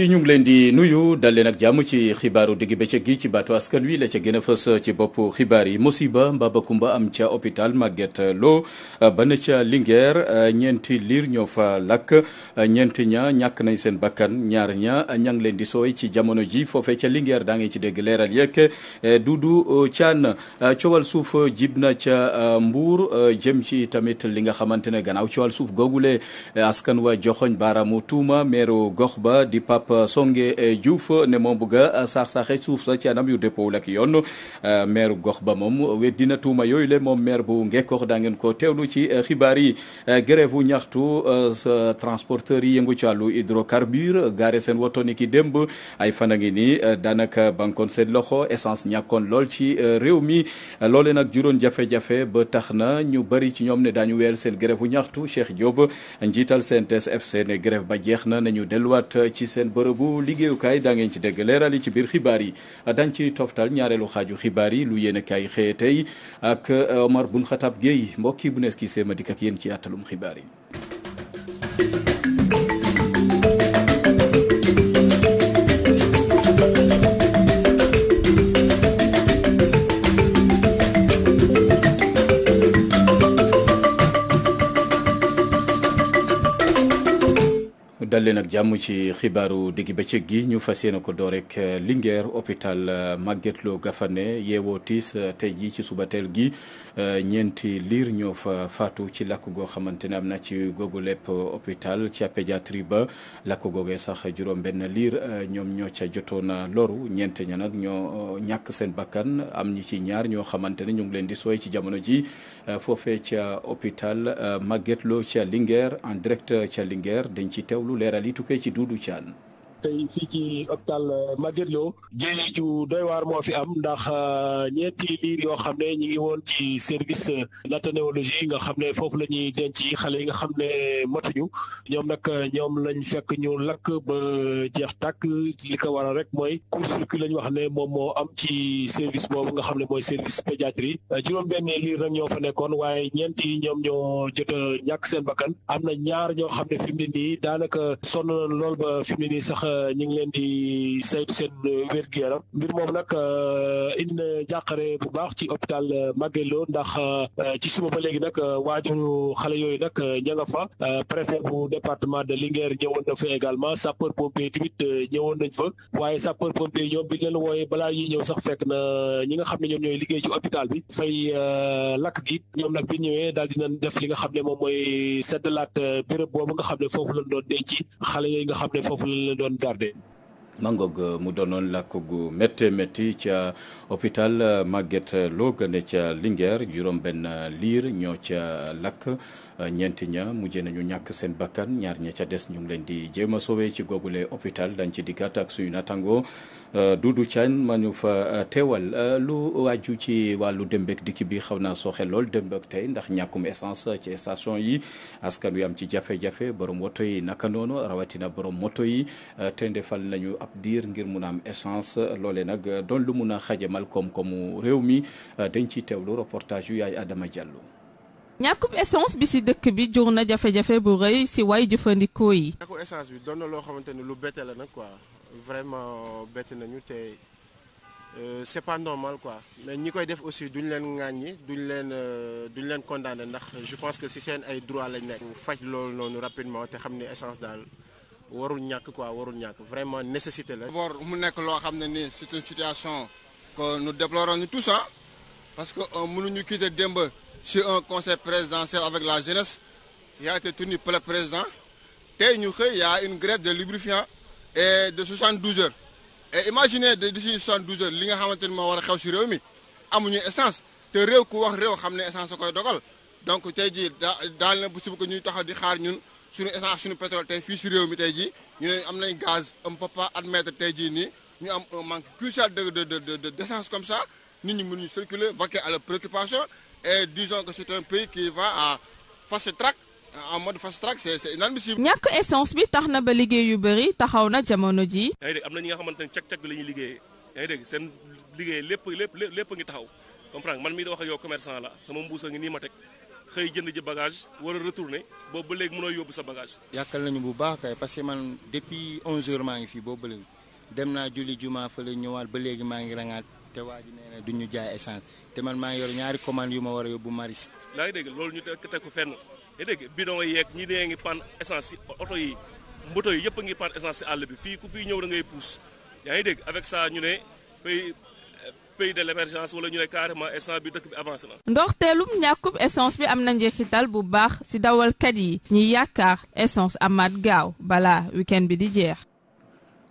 yi ñu ngi leen di nuyu dal leen ak jàmm ci xibaaru digg bëccëg gi ci baatu askan wi la ca gën ci bopp xibaar yi musiba mbabakumba am ca hôpital Magatte Lô ba na ca Linguère ñeenti liir ñoo fa lakk ñeenti ña ñàkk nañ seen bakkan ñaar ña ña ngi leen di sooy ci jamono ji foofee ca Linguère daa ngi ci dégg leeral yeeg eh, Doudou Thiane eh, coowal suuf jib na ca eh, Mbour jëm ci tamit li nga xamante ne gannaaw coowal suuf googule askan wa joxoñ baaraamu tuuma meeru gox ba di Pape Pape Songe eh, Diouf ne moom bëgg a saax-saaxe suuf sa ci anam yu dëppoowul ak yoon eh, maire gox ba moom we dina tuuma yooyu le moom mair bu Ngekoox daa ngeen ko teewlu ci eh, xibaar yi grève bu ñaxtu transporteurs yi yëngu ci wàllu hydrocarbure gaare seen woto ni ki démb ay fan a ngi nii daanaka bankoon seen loxo essence ñàkkoon lool ci réew mi loole nag juróon jafe-jafe ba tax na ñu bëri ci ñoom ne daañu weer seen grève bu ñaxtu Cheikh Diop njiital CNTS FC ne grève ba jeex na nañu delluwaat ci seen bërëbu liggéeyukaay daa ngeen ci dégg leeral yi ci biir xibaar yi dañ ci toftal ñaareelu xaaju xibaar yi lu yéene kaay xëye tey ak euh, Omar Bun Xatab Gueye mbokki bu nees ki seema dikk ak yéen ci àttalum xibaar yi dal leen ak jàmm ci xibaaru digg bëccëg gi ñu fa yéene ko door rek eh, Linguère hôpital eh, Magatte Lô Gaffane yeewoo tiis eh, tey jii ci suba teel gi ñeenti liir ñoo fa faatu ci lakk goo xamante ne am na ci googu lépp hôpital ca pédiatrie ba lakk googee sax juróom-benn liir ñoom ñoo ca jotoon loru ñeent ña nag ñoo ñàkk seen bakkan am ñi ci ñaar ñoo xamante ne ñu ngi leen di sooy ci jamono ji foofee ca hôpital Magatte Lô ca en direct ca Linguère dañ ci teewlu leer leeral yi tukkee ci Doudou Thiane tey fii ci hôpital euh, Magatte Lô jéey doy waar moo fi am ndax euh, ñeenti liir yoo xam ne ñi ngi woon ci service néonatologie euh, nga xam ne foofu la ñuy denc xale yi nga xam ne matuñu ñoom nag ñoom lañ fekk ñu lakk ba jeex tàkk li ko waral rek mooy court-circuit lañ wax ne moom moo am ci service boobu nga xam ne mooy service pédiatrie juróom-benn liir nag ñoo fa nekkoon waaye ñeenti ñoom ño jot a ñàkk seen bakkan am na ñaar ñoo xam ne fi mu nii daanaka sonn lool ba fi mu nii sax Euh, ñu ngi leen di saytu seen wér-gu-yaram mbir moom nag euh, indi na jàqare bu baax ci hôpital euh, Magatte Lô ndax ci suma ba léegi nag waajuru xale yooyu nag ña nga fa préfet bu département de Linguère ñëwoon na fa également sapeur pompier tamit ñëwoon nañ fa waaye sapeur pompier ñoom bi leen wooyee balaa yi ñëw sax fekk na ñi nga xam ne ñoom ñooy liggéey ci hôpital bi fay lakk gi ñoom nag bi ñëwee daal dinañ def li nga xam ne moom mooy seddalaat béréb boobu nga xam ne foofu lañ doon denc xale yooyu tardé. mangoog euh, mu doonoon làkk gu méttee métti ca hôpital euh, Magatte Lô ne ca Linguère juróom-benn euh, liir ñoo ca lakk ñeenti ña mujjee nañu ñàkk seen bakkan ñaar ña ca des ñu ngi leen di jéem a sauvé ci googule hopital dañ ci dikkaat ak suñu natango Euh, Doudou Thiagne ma ñu fa euh, teewal euh, lu waaju ci wàllu démbek dikki bi xaw naa sooxe lool dem démbek tey ndax ñàkkum essence ci station yi askan wi am ci jafe-jafe borom woto yi naka noonu rawatina boroom moto yi te defal nañu ab diir ngir mun a am essence loole nag doon lu mun a xajamal koom-koomu réew mi dañ ciy teewlu reportage yu yaay Adama Diallo. ñàkkum essence bi si dëkk bi jur na jafe-jafe bu rëy si way jëfandikoo yi. ñàkkum essence bi doon na loo xamante ni lu bette la nag vraiment bett nañu te euh, c'est pas normal quoi mais ñi koy def aussi duñ leen ŋàññi duñ leen euh, duñ leen condamné ndax je pense que si seen ay droit lañ nekk. faj loolu noonu rapidement te xam ni essence daal warul ñàkk quoi warul ñàkk vraiment nécessité la. d'abord mu nekk loo xam ne nii c'est une situation que nous déplorons ñu tout ah parce que euh, mënuñu quitter démb sur un conseil présidentiel avec la jeunesse yaa été tenu le président tey ñu xëy y une grève de lubrifiant. et de 72 heures et imaginez de d'ici 72 heures li nga xamante ni moo war a xew si réew mi amuñu essence te réew ku wax réew xam ne essence a koy dogal donc tey jii daa daal na bu suba ko ñuy taxaw di xaar ñun sunu essence suñu pétrole tey fii si réew mi tey ji ñu ne am nañ gaz on peut pas tey jii nii ñu am un manque crucial de de de d' essence comme ça nit ñi mënuñu circuler vaquer à la préoccupation et disons que c' est un pays qui va à fast track en mode fast track c'est c'est inadmissible. ñàkk essence bi tax na ba liggéey yu bëri taxaw na jamono ji. yaa dégg am na ñi nga xamante ne cag-cag bi la ñuy liggéeyee yaa ngi dégg seen liggéey lépp lépp lépp a ngi taxaw comprendre man mi di wax ak yow commerçant la sama mbuus a ngi nii ma teg xëy jënd ji bagage war a boobu ba léegi mënoo yóbbu sa bagage. yàkkal nañu bu baax kay parce man depuis 11 heures maa ngi fii boobu ba léegi dem naa julli juma fële ñëwaat ba léegi maa ngi rangaat te waa ji nee na duñu maa ngi yor ñaari commande yu ma war a yaa dégg bidon yeeg ñi dee ngi pan essence si oto yi mboto yi yëpp a ngi pan essence si àll bi fii ku fii ñëw da ngay pousse yaa ngi dégg avec sa ñu ne pays pays de l'émergence wala ñu ne carrément essence bi dëkk bi avancé na. ndoxteelum ñàkkub essence bi am na njeexi njeexital bu baax ci dawalkat yi ñi yaakaar essence amaat gaaw balaa week bi di jeex.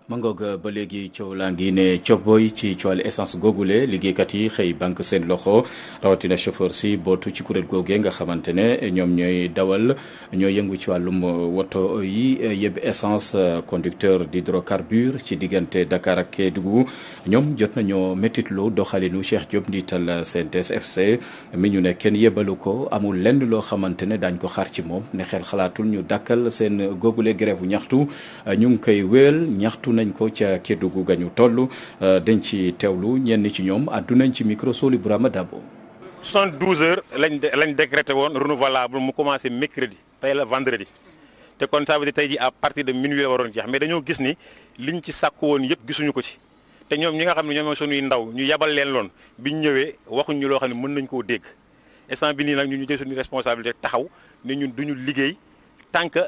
ma ngoog ba léegi coow laa ngi ne coppoy ci coowal essence googule liggéeykat yi xëy banque seen loxo rawatina chauffeur bootu ci kuréel googee nga xamante ne ñoom ñooy dawal ñoo yëngu ci wàllum woto yi yëb essence conducteur d'hydrocarbure ci diggante Dakar ak Kédougou ñoom jot nañoo métitlu doxalinu Cheikh Diop ndiital CNTS FC mi ñu ne kenn yebalu ko amul lenn loo xamante ne daañ ko xaar ci moom ne xel xalaatul ñu dakkal seen googule grève bu ñaxtu nañ ko ca Kédougou gañu toll euh, dañ ci teewlu ñenn ci ñoom àddunañ ci micro Soli Bourama Dabo. 72 heures lañ lañ décrété woon renouvelable mu commencé mercredi tey la vendredi te kon ça veut dire tey ji à partir de minuit la waroon jeex mais dañoo gis ni liñ ci sàkk woon yëpp gisuñu ko ci. te ñoom ñi nga xam ne ñoom suñuy ndaw ñu yabal leen loon biñ ñëwee waxuñ ñu loo xam ne mën nañ koo dégg instant bi nii nag ñun ñu jël suñu responsabilité taxaw ne ñun duñu liggéey tant que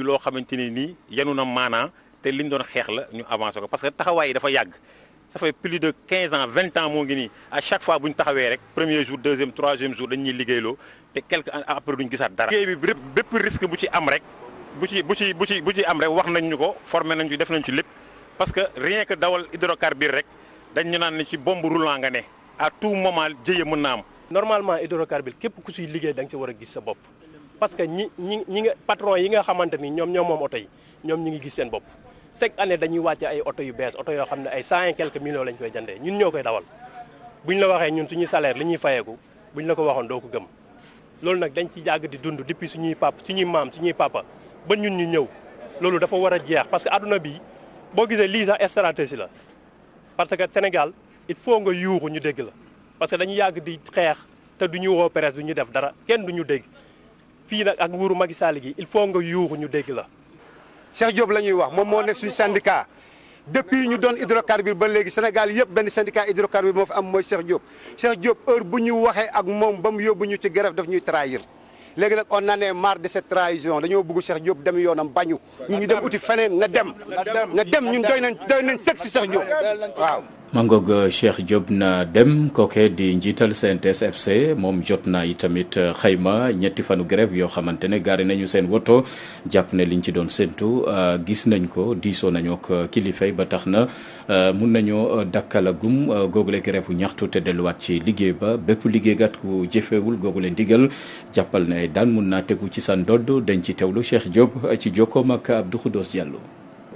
loo xamante ni te ñu doon xeex la ñu avancé ko parce que taxawaay yi dafa yàgg ça fait plus de quinze ans vingt ans moo ngi nii à chaque fois bu ñu taxawee rek premier jour deuxième troisième jour dañ ñuy liggéeyloo te quelque après duñ gisaat dara. liggéey bi bépp risque bu ci am rek bu ci bu ci bu ci bu ci am rek wax nañ ñu ko formé nañ ci def nañ ci lépp parce que rien que dawal hydrocarbure rek dañ ñu naan ne ci bombe roulant nga ne à tout moment jëye mën na am. normalement hydrocarbure képp ku siy liggéey da war a gis sa bopp parce que ñi ñi ñi nga patron yi nga xamante ni ñoom ñoo moom oto ñoom ñi ngi gis seen bopp. chaque année dañuy wàcc ay oto yu bees oto yoo xam ne ay cent et quelques millions lañ koy jëndee ñun ñoo koy dawal bu ñu la waxee ñun suñuy saleer li ñuy fayeeku buñ la ko waxoon doo ko gëm loolu nag dañ ci jàgg di dund depuis suñuy su suñuy maam suñuy papa ba ñun ñu ñëw loolu dafa war a jeex parce que àdduna bi boo gisee lii sax stratégie la parce que Sénégal il faut nga yuuxu ñu dégg la parce que dañu yàgg di xeex te du ñu woo presse du ñu def dara kenn du ñu dégg fii nag ak nguuru Macky Sall gi faut nga yuuxu ñu dégg la Cheikh Diop la ñuy wax moom moo nekk suñu sandika depuis ñu doon hydrocarbure ba léegi Sénégal yëpp benn syndicat hydrocarbure moo fi am mooy Cheikh Diop Cheikh Diop heure bu ñu waxee ak moom ba mu yóbbu ñu ci grève daf ñuy trahir léegi nag on en est marre de cette trahison dañoo bëgg Cheikh jóob dem yoonam bañu ñun ñu dem uti feneen na dem na dem ñun doy nañ doy nañ sëg si Cheikh Diop waaw mangoog euh, Cheikh Diop na dem kooke di njiital CNTS FC moom jot na itamit euh, xayma ñetti fanu grève yoo xamante ne gaari nañu seen woto jàpp ne liñ ci doon séntu euh, gis nañ ko diisoo nañu ak kilifay ba tax na mun nañoo dakkalagum googule grève ñaxtu te delluwaat ci liggéey ba bépp liggéeykat ku jëfewul googule ndigal jàppal ne daan mun naa tegu ci sa ndodd dañ ci lu Cheikh Diop ci jokkoom ak Abdou Khoudos Diallo.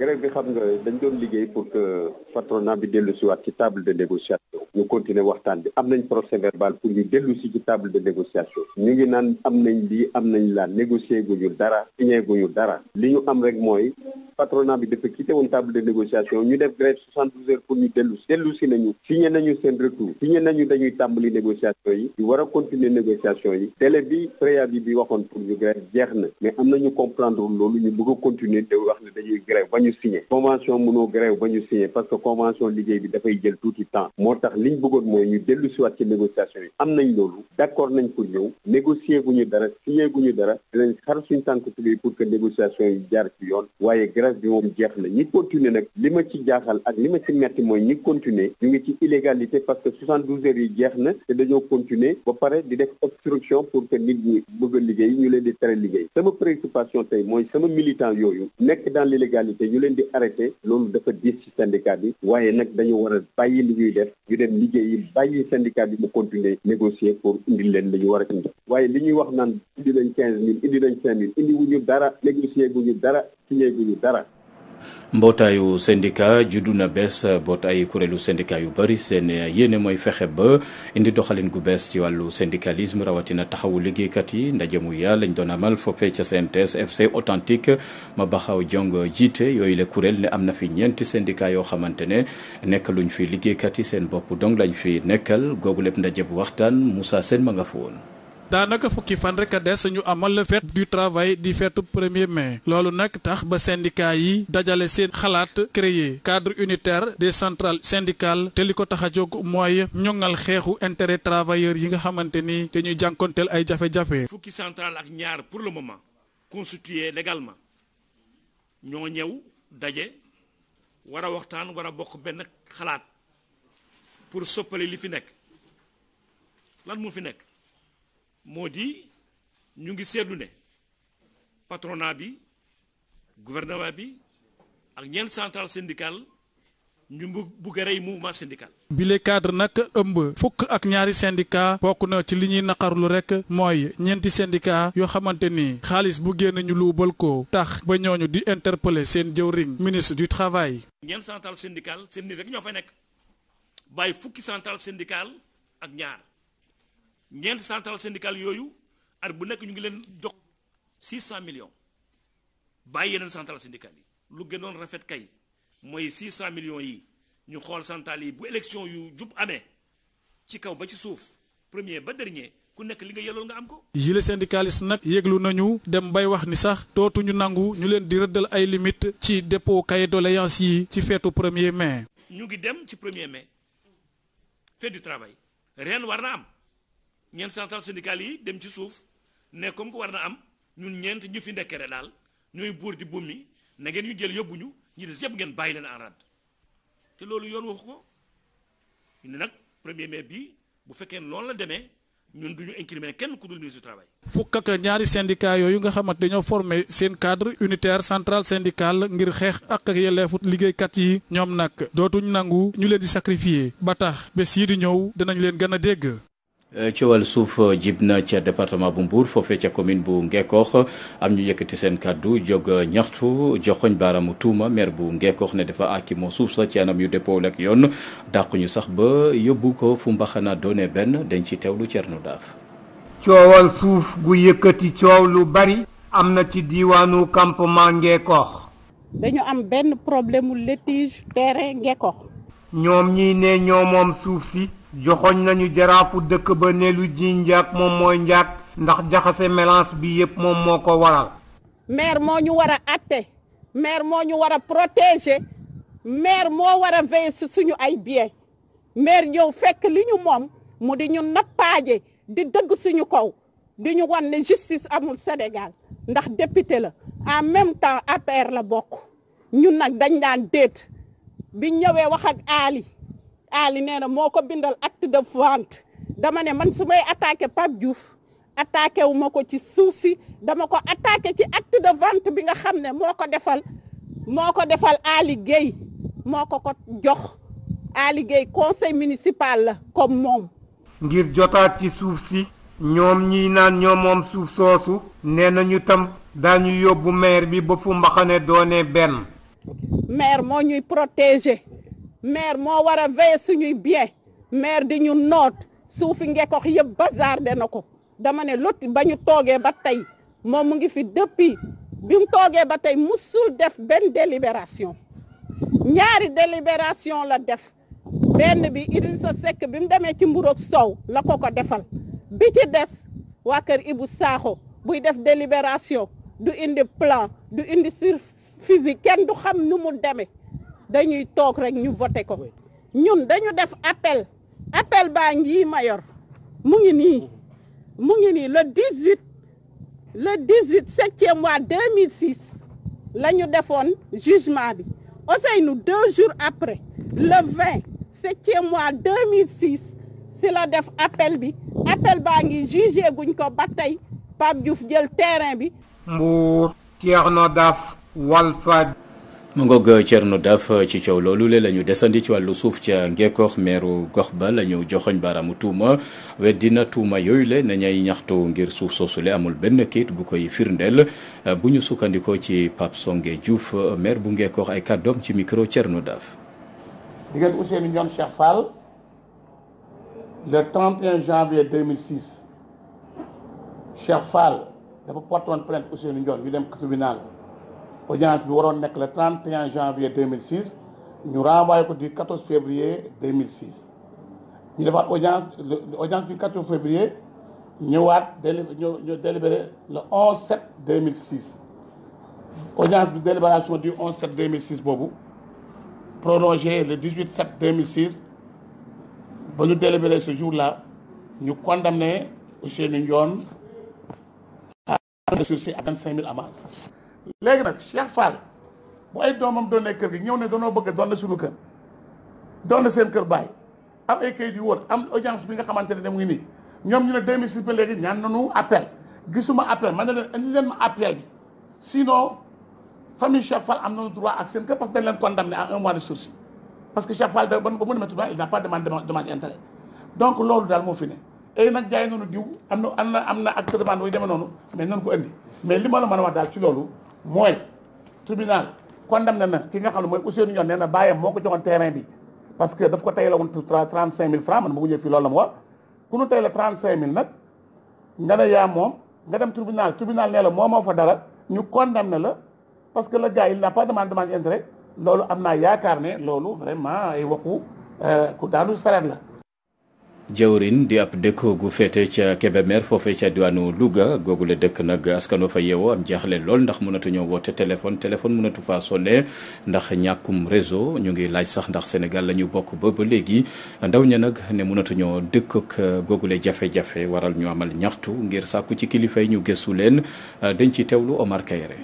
grève bi xam nga dañ doon liggéey pour que patronat bi dellu si waat ci table de négociation ñu continuer waxtaan bi am nañ procès verbal pour ñu dellu si ci table de négociation ñu ngi naan am nañ lii am ñu la négocier guñu dara signé guñu dara li ñu am rek mooy patronat bi dafa quitté woon table de négociation ñu def grève soixante douze heures pour ñu dellu si dellu si nañu signé nañu seen retour signé nañu dañuy tàmbali négociation yi ñu war a continuer négociation yi délai bi préavis bi waxoon pour ñu grève jeex na mais am nañu comprendre a ñu signé convention mënoo grève ba ñu signé parce que convention liggéey bi dafay jël tuuti temps moo tax li ñu bëggoon mooy ñu dellu siwaat ci négociation yi am nañ loolu d'accord nañ pour ñëw négocier gu ñu dara signé gu ñu dara dinañ xar suñ tànk tubéy pour que négociation yi jaar ci yoon waaye grève bi moom jeex na ñi continuer nag li ma ci jaaxal ak li ma ci metti mooy ñi continuer ñu ngi ci illégalité parce que soixante-douze heures yi jeex na te dañoo pour que nit ñi bëgg a liggéey ñu leen di tere liggéey sama préoccupation tey mooy sama militant ñu leen di arrêté loolu dafa diis ci syndicat bi waaye nag dañu war a bàyyi li ñuy def ñu dem liggéeyi bàyyi syndicat bi mu continuer négocier pour indi leen li ñu war a indi waaye li ñuy wax naan indi nañ quinze mille indi nañ cinq mille indi wuñu dara négocier guñu dara signé guñu dara mbootaayu syndicat juddu na bees mbootaayu kuréelu syndicat yu bëri seen yéene mooy fexe ba indi doxalin gu bees ci wàllu syndicalisme rawatina taxawu liggéeykat yi ndaje mu yaa lañ doon a mal foofee ca CNTS FC authentique ma baxaw jong jiite yooyu la kuréel ne am na fi ñeenti syndicat yoo xamante ne nekk fi liggéeykat yi seen bopp dong lañ fi nekkal googu lépp ndaje bu waxtaan Moussa seen ma nga fa woon. daanaka fukki fan rek a des ñu amal la fête du travail di feetu premier mai loolu nag tax ba syndicat yi dajale seen xalaat créer cadre unitaire des centrales syndicales te li ko tax a jóg mooy ñoŋal xeexu intérêt travailleurs yi nga xamante ni dañuy jànkonteel ay jafe-jafe. fukki centrale ak ñaar pour le moment constitué légalement ñoo ñëw daje war a waxtaan war a bokk benn xalaat pour soppali li fi nekk lan moo fi nekk. moo di ñu ngi seetlu ne patrona bi gouvernement bi ak ñeent central syndical ñu bugg a rey mouvement syndical. bile cadre nag ëmb. fukk ak ñaari syndicat bokk na ci li ñuy naqarlu rek mooy ñeenti syndicat yoo xamante ni xaalis bu génn ñu luubal ko tax ba ñooñu di interpeller seen jëwriñ ministre du travail. ñeent central syndical seen nit rek ñoo fa nekk bàyyi fukki central syndical ak ñaar. ñeent central syndical yooyu at bu nekk ñu ngi leen jox 600 millions bàyyi yeneen central syndical yi lu gënoon rafet kay mooy 600 millions yi ñu xool central yi bu élection yu jub amee ci kaw ba ci suuf premier ba dernier ku nekk li nga yellool nga am ko. yile syndicaliste nag yëglu nañu dem bay wax ni sax dootuñu nangu ñu leen di rëddal ay limite ci dépôt cahier doléance yi ci feetu premier mai. ñu ngi dem ci premier mai fête du travail ren war na am. ñeent central syndical yi dem ci suuf ne comme que war na am ñun ñeent ñu fi ndekkere daal ñooy buur di buum mi na ngeen ñu jël yóbbu ñu ñu des yëpp ngeen bàyyi leen en rade te loolu yoon waxu ko ñu ne nag premier mai bi bu fekkee loolu la demee ñun du ñu incriminer kenn ku dul ministre du travail. ñaari syndicat yooyu nga xamante dañoo formé seen cadre unitaire central syndical ngir xeex ak ak yelleefu liggéeykat yi ñoom nag dootuñ nangu ñu leen di sacrifier ba tax bés yi di ñëw danañ leen gën a dégg. Eh, coowal suuf eh, jib na ca département bu Mbour foofee ca commune bu Ngekoox am ñu yëkkati seen kàddu jóg eh, ñaxtu joxoñ baaraamu tuuma maire bu Ngekoox ne dafa àkki moo suuf sa ci anam yu dépôt ak yoon dàqu ñu sax ba yóbbu ko fu mbaxana doone benn dañ ci teew lu teewlu Thierno Daaf. coowal suuf gu yëkkati coow lu bari. am na ci diiwaanu campement Ngekoox. dañu am benn problème mu litige Ngekoox. ñoom ñii ne ñoo suuf si. joxoñ nañu jaraafu dëkk ba nelu lu ji njaag moom mooy njaag ndax jaxase mélange bi yépp moom moo ko waral maire moo ñu war a atte maire moo ñu war a protéger maire moo war a veiller si suñu ay bien maire ñëw fekk li moom mu di ñu nappaaje di dëgg suñu kaw di ñu wan ne amul Sénégal ndax député la en même temps APR la bokk ñun nag dañ daan déet bi ñëwee wax ak Ali Ali nee na moo ko bindal at de vente dama ne man su may attaqué Pape Diouf attaqué wu ko ci suuf si dama ko attaqué ci at de vente bi nga xam ne moo ko defal moo ko defal Ali Guèye moo ko ko jox Ali Guèye conseil municipal la comme moom. ngir jotaat ci suuf si. ñoom ñiy naan ñoom moom suuf soosu. nee nañu tam daañu yóbbu maire bi ba fu mbaxane doone benn. maire moo ñuy protéger. maire moo war a veiller suñuy bien maire di ñu noot suufi ngekox yëpp bazardé na ko dama ne loti ba ñu toogee ba tey moom mu ngi fi depuis bi mu toogee ba tey musul def benn délibération ñaari délibération la def benn bi Idrissa sekk bi mu demee ci mburook soow la ko ko defal bi ci des waa kër Ibou Sakho buy def délibération du indi plan du indi sur physique kenn du xam nu mu demee dañuy toog rek ñu voté ko ñun dañu def appel appel baa ngi mayor mu ngi nii mu ngi nii le 18 le 18 septième mois 2006 la ñu defoon jugement bi Ousseynou deux jours après le 20 septième mois 2006 si la def appel bi appel baa ngi jugé guñ ko ba tey Pape Diouf jël terrain bi. Mbour Thierno Daf Walfa. mu ngoog euh, Daf euh, ci coow loolu le la ñu desandi ci wàllu suuf ca Ngekoox meeru gox ba la ñu joxoñ baaraamu tuuma weddina tuuma yooyu le na ñay ñaxtu ngir suuf soosu soosule amul benn kayit gu koy firndeel euh, bu ñu sukkandikoo ci Pape Songe Diouf bu Ngekoox ay kàddoom ci micro Thierno Daf diggante janvier 2006 Cheikh Fall dafa porté woon plainte Ousseynou Ndione ñu dem tribunal audience bi waroon nekk le 31 janvier 2006 ñu renvoyé ko du 14 février 2006 ñu defaat audience audience du 14 février ñëwaat déli ñu délibéré le 11 sept 2006 audience de délibération du 11 sept 2006 boobu prolongé le 18 sept 2006 ba ñu délibéré ce jour la ñu condamné Ousseynou Ndione à sursis à 25 000 amende léegi nag Cheikh Fall bu ay doomam doonee kër gi ñëw ne danoo bëgg doon na suñu kër doon na seen kër baay am ay kayit yu wër am audience bi nga xamante ne dem ngi nii ñoom ñu ne 2006 léegi ñaan nañu appel gisuma appel man ne leen indi leen ma appel bi sinon famille Cheikh Fall am nañu droit ak seen n'a pas demandé demande intérêt donc loolu daal fi ne ay nag jaay nañu diw am na am na am na ak demande yu demee noonu mais nañu ko indi mais li ma mën a wax daal ci loolu mooy tribunal condamné na ki nga xam ne mooy Ousseynou Niang nee na bàyyam moo ko joxoon terrain bi parce que daf ko tay la woon trente cinq mille francs man mu ngi ñëw fii loolu la mu wax ku nu tay la trente cinq mille nag nga ne yaa moom nga dem tribunal tribunal nee la moo moo fa dara ñu condamné la parce que le gars il n'a pas demandé demande intérêt loolu am naa yaakaar ne loolu vraiment ay waxu euh, ku daanu sareet la jëwrin di ab dëkkoo gu féete ca Kébémer foofe ca diwaanu Louga googu la dëkk nag askano fa yeewoo am jaaxle lool ndax mënatuñoo woote téléphone téléphone mënatu faa sonne ndax ñàkkum réseau ñu ngi laaj sax ndax Sénégal la ñu bokk ba ba léegi ndaw ña nag ne mënatuñoo dëkk ak googule jafe-jafe waral ñu amal ñaxtu ngir sàkku ci kilifa yi ñu gëstu leen dañ ci teewlu Omar Kayre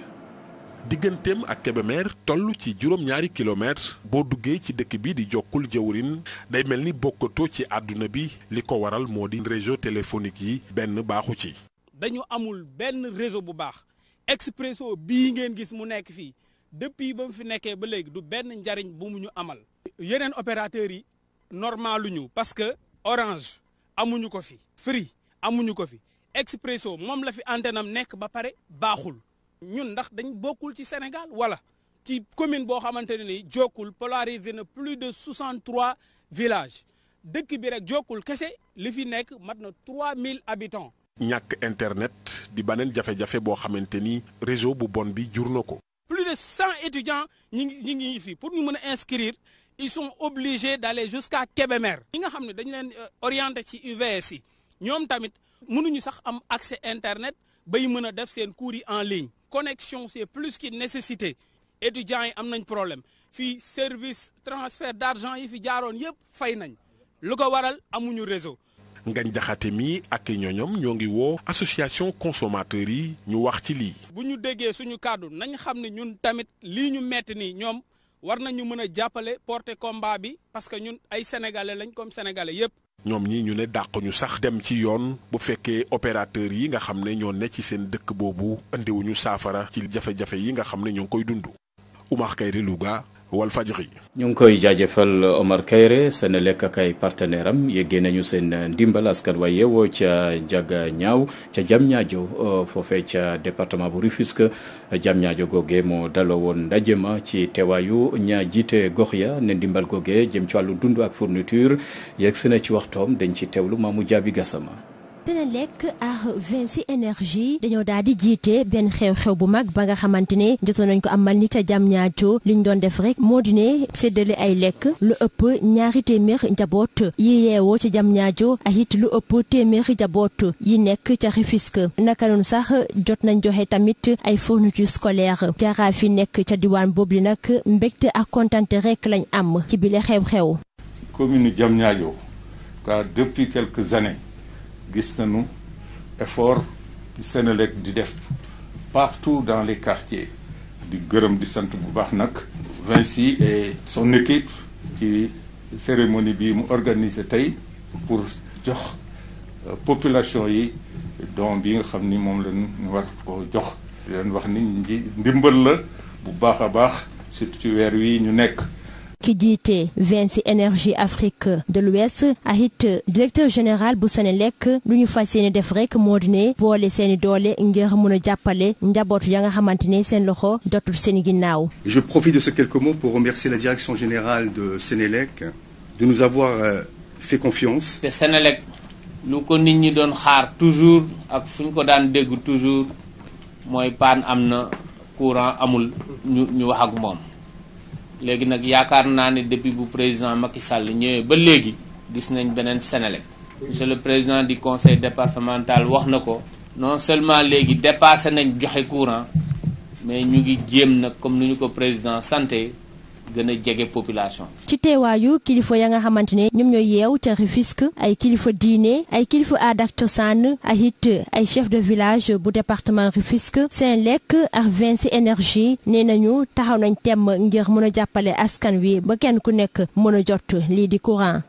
digganteem ak Kébémer toll ci juróom-ñaari kilomètre boo duggee ci dëkk bi di jokkul jëwrin day mel ni bokkatoo ci àdduna bi li ko waral moo di réseau téléphonique yi benn baaxu ci dañu amul benn réseau bu baax Expresso bii ngeen gis mu nekk fii depuis ba mu fi nekkee ba léegi du benn njariñ bu mu ñu amal yeneen opérateurs yi normalu ñu parce que Orange amuñu ko fi Free amuñu ko fi Expresso moom la fi antenne am nekk ba pare baaxul ñun ndax dañ bokkul ci Sénégal wala ci commune boo xamante ne ni Diokoul polarisé na plus de 63 villages dëkk bi rek Diokoul kese li fi nekk mat na 3000 habitants. ñàkk internet di baneen jafe-jafe boo xamante ni réseau bu bon bi jur na ko. plus de 100 étudiants ñi ngi ñi ngi fi pour ñu mën a inscrire ils sont obligés d'aller jusqu'à Kébémer. ñi nga xam ne dañu leen euh, orienté ci UVS yi ñoom tamit mënuñu sax am accès internet. bay mën a def seen cours yi en ligne connexion c'est plus qu'une nécessité étudiants yi am nañ problème fii service transfert d'argent yi fi jaaroon yëpp fay nañ lu ko waral amuñu réseau ngañ jaxate mii ak ñooñom ñoo ngi woo association consommateurs yi ñu wax ci lii bu ñu déggee suñu kàddu nañ xam ne ñun tamit lii ñu metti nii ñoom war nañu mën a jàppale porter combat bi parce que ñun ay sénégalais lañ comme sénégalais yëpp ñoom ñi ñu ne dàquñu sax dem ci yoon bu fekkee opérateur yi nga xam ne ñoo ne ci seen dëkk boobu indiwuñu saafara ci jafe-jafe yi nga xam ne ñoo ngi koy dund Oumar Kayre Louga Walfadjri ñu ngi koy jaajëfal Omar Kayre Senelec ak ay partenaire am yéggee nañu seen ndimbal askan wa yeewoo ca jaga ñaaw ca Diamniadio euh, foofee ca département bu Rufisque ñaajo googe moo daloo woon ndaje ma ci teewaayu ñaa jiite gox ya ne ndimbal googe jëm ci wàllu dund ak fourniture yegg si na ci waxtoom dañ ci teewlu Mamou Diaby Gassama Senelec ak Vinci Énergie dañoo daal di jiite benn xew-xew bu mag ba nga xamante ne jotoon nañ ko amal ni ca jam ñaaco liñ doon def rek moo di ne séddale ay lekk lu ëpp ñaari téeméer njaboot yi yeewoo ca jam ñaaco ak it lu ëpp téeméeri njaboot yi nekk ca Rufisque naka noonu sax jot nañ joxe tamit ay fourniture scolaire jaraaf yi nekk ca diwaan boobu li nag mbégte ak kontante rekk lañ am ci bile xew-xew. gis nañu effort ci Senelec di def partout dans les quartiers di gërëm di sant bu baax nag Vinci et son équipe ci cérémonie bi mu organisé tey pour jox euh, population yi don bi nga xam ni moom lañu war ko jox leen wax ni ndimbal la bu baax a baax surtout ci weer wi ñu nekk ki jiite Vinci Énergie Afrique de l'Ouest ak it directeur général bu Senelec lu ñu fas yéene def rek moo di ne boole seeni doole ngir mën a jàppale njaboot ya nga xamante ne seen loxo dotul seen ginnaaw. Je profite de ces quelques mots pour remercier la direction générale de Senelec de nous avoir euh, fait confiance. te Senelec lu ko nit ñi doon xaar toujours ak fu ñu ko daan dégg toujours mooy paan am na courant amul ñu ñu wax moom. léegi nag yaakaar naa ne depuis bu président Macky Sall ñëwee ba léegi gis nañ beneen Senelec monsieur le président du conseil départemental wax na ko non seulement léegi dépasé nañ joxe courant mais ñu ngi jéem nag comme nu ñu ko président santé gën a ci teewaayu kilifa ya nga xamante ne ñoom ñooy yeew ca Rufisque ay kilifa diine ay kilifa aada ak cosaan ak it ay chef de village bu département seen lekk ak Vinci Énergie nee nañu taxaw nañ temm ngir mën a jàppale askan wi ba kenn ku nekk mën a jot lii di courant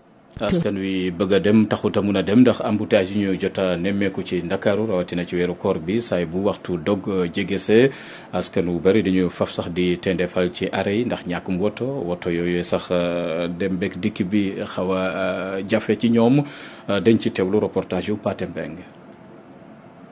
askan wi bëgg a dem taxut mun a dem ndax embouteillage yu ñuy jot nemmeeku ci ndakaaru rawatina ci weeru koor bi saay bu waxtu dog euh, jégesee askan wu bëri dañuy faf sax di tendefal ci arrêt yi ndax ñàkkum woto woto yooyu sax euh, dem beeg dikk bi xaw a euh, jafe ci ñoom dañ ci teewlu reportage yu Pathé Mbengue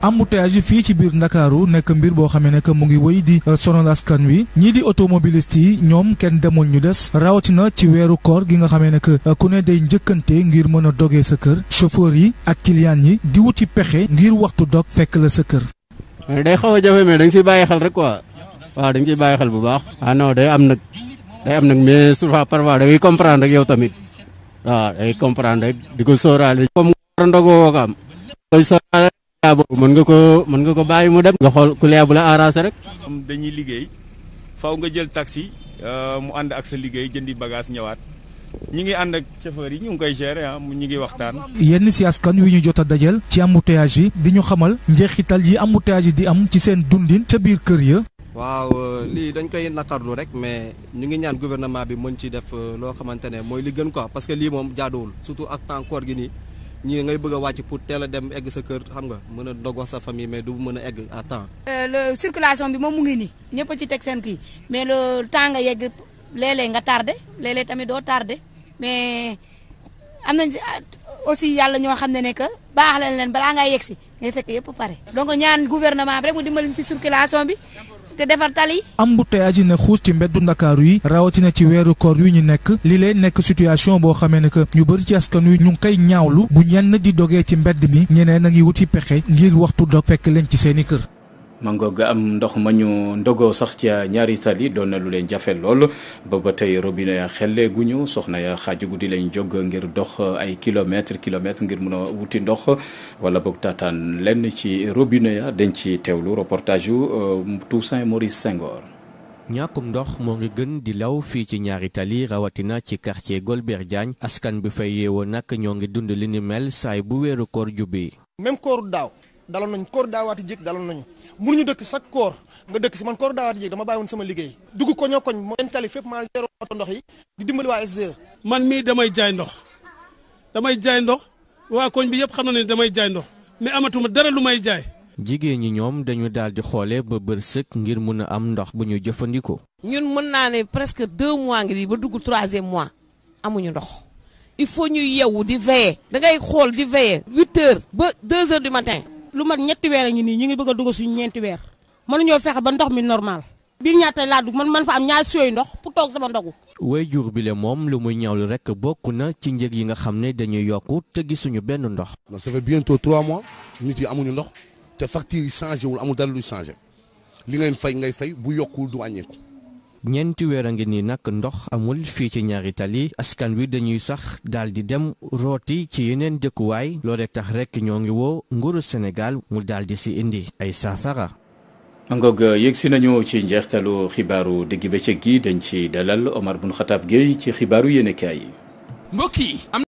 embouteillage yi fii ci biir ndakaaru nekk mbir boo xamee ne que mu ngi wëy di euh, sonal askan wi ñii di automobiliste yi ñoom kenn demul ñu des rawatina ci weeru koor gi nga xamee ne euh, ku ne day njëkkante ngir mën a dogee sa kër chauffeur yi ak client yi di wuti pexe ngir waxtu dog fekk la sa kër. day xaw a jafe mais da nga bàyyi xel rek quoi waaw da nga siy bàyyi xel bu baax. ah non day am nag day am nag mais souvent parfois da ngay comprendre ak yow tamit waaw day cas mën nga ko mën nga ko bàyyi mu dem nga xool ku bu la arrangé rek. dañuy liggéey faw nga jël taxi euh, mu ànd ak sa liggéey jëndi bagage ñëwaat ñu ngi ànd ak chauffeur yi ñu ngi koy gérer ah ñi ngi waxtaan. yenn si askan wi ñu jot a dajal ci embouteillage yi di ñu xamal njeexital yi embouteillage yi di am ci seen dundin ca biir kër ya. waaw euh, lii dañ koy naqarlu rek mais ñu ngi ñaan gouvernement bi mën ci def euh, loo xamante ne mooy li gën quoi parce que lii moom jaaduwul surtout ak temps koor gi nii. ñii ngay bëgg a wàcc pour teel a dem egg sa kër xam nga mën a ndog wax sa famille mais du mën a egg à temps. Euh, le circulation bi moom mu ngi nii ñëpp ci teg seen kii mais le temps nga yegg léeg nga tarde léeg tamit doo tarde mais am nañ aussi yàlla ñoo xam ne ne que baax leen leen balaa ngaa yegg si ngay fekk yëpp pare. donc ñaan gouvernement bi rek mu dimbali si circulation bi te defar tali. embouteillage yi ne xuus ci mbeddu ndakaaru yi rawatina ci weeru kor yu ñu nekk li lay nekk situation boo xamee ne que ñu bëri ci askan wi ñu ngi koy ñaawlu bu ñenn di dogee ci mbedd mi ñeneen a ngi wuti pexe ngir waxtu dog fekk leen ci seeni kër. mangoog am ndox ma ñu ndogoo sax ca ñaari tali doon na lu leen jafe lool ba ba tey robinet ya xelle gu ñu soxna ya xaaju guddi lañ jóg ngir dox ay kilomètres kilomètres ngir mun a wuti ndox wala boog taataan lenn ci robinet ya dañ ci teewlu reportage yu euh, Toussaint Maurice Senghor. ñàkkum ndox moo ngi gën di law fii ci ñaari tali rawatina ci quartier Golbert Diagne askan bi fay yeewoo nag ñoo ngi dund li ni mel saay bu weeru koor jubbi. même kooru daaw. daloon nañ koor daawaati jéeg daloon nañu ñu dëkk chaque koor nga dëkk si man koor daawaati jéeg dama bàyyi woon sama liggéey dugg ko ñoo koñ leen tali fépp maa géré oto ndox yi di dimbali waa SDE man mii damay jaay ndox damay jaay ndox waa koñ bi yëpp xam na ne damay jaay ndox mais amatuma dara lu may jaay jigéen ñi ñoom dañu daal di xoole ba bër sëkk ngir mun a am ndox bu ñu jëfandikoo ñun mën naa ne presque deux mois ngi ba dugg troisième mois amuñu ndox il faut ñuy yeewu di veiller da ngay xool di veiller huit heures ba deux heures du matin lu mat ñetti weer a ngi nii ñu ngi bëgg a dugg suñu ñeenti weer mënuñoo fexe ba ndox mi normal biir ñaata laa dugg man man fa am ñaar sooy ndox pour toog sama ndogu. waajur bi bile moom lu muy ñaawlu rek bokk na ci njëg yi nga xam ne dañuy yokk te gisuñu benn ndox. non ça fait bientôt trois mois nit yi amuñu ndox te facture yi changé wul amul dara lu changé li ngay fay ngay fay bu yokkuwul du wàññeeku ñeenti weer a ngi nii nag ndox amul fii ci ñaari tali askan wi dañuy sax daal di dem rooti ci yeneen dëkkuwaay loolee tax rekk ñoo ngi woo nguuru senegaal mu daal di si indi ay saafara. Ngog yëgsi nañu ci njeextalu xibaaru digg bëccëg gi dañ ci dalal Omar bun Xataab Gueye ci xibaaru yéenekaay yi. mbokk yi.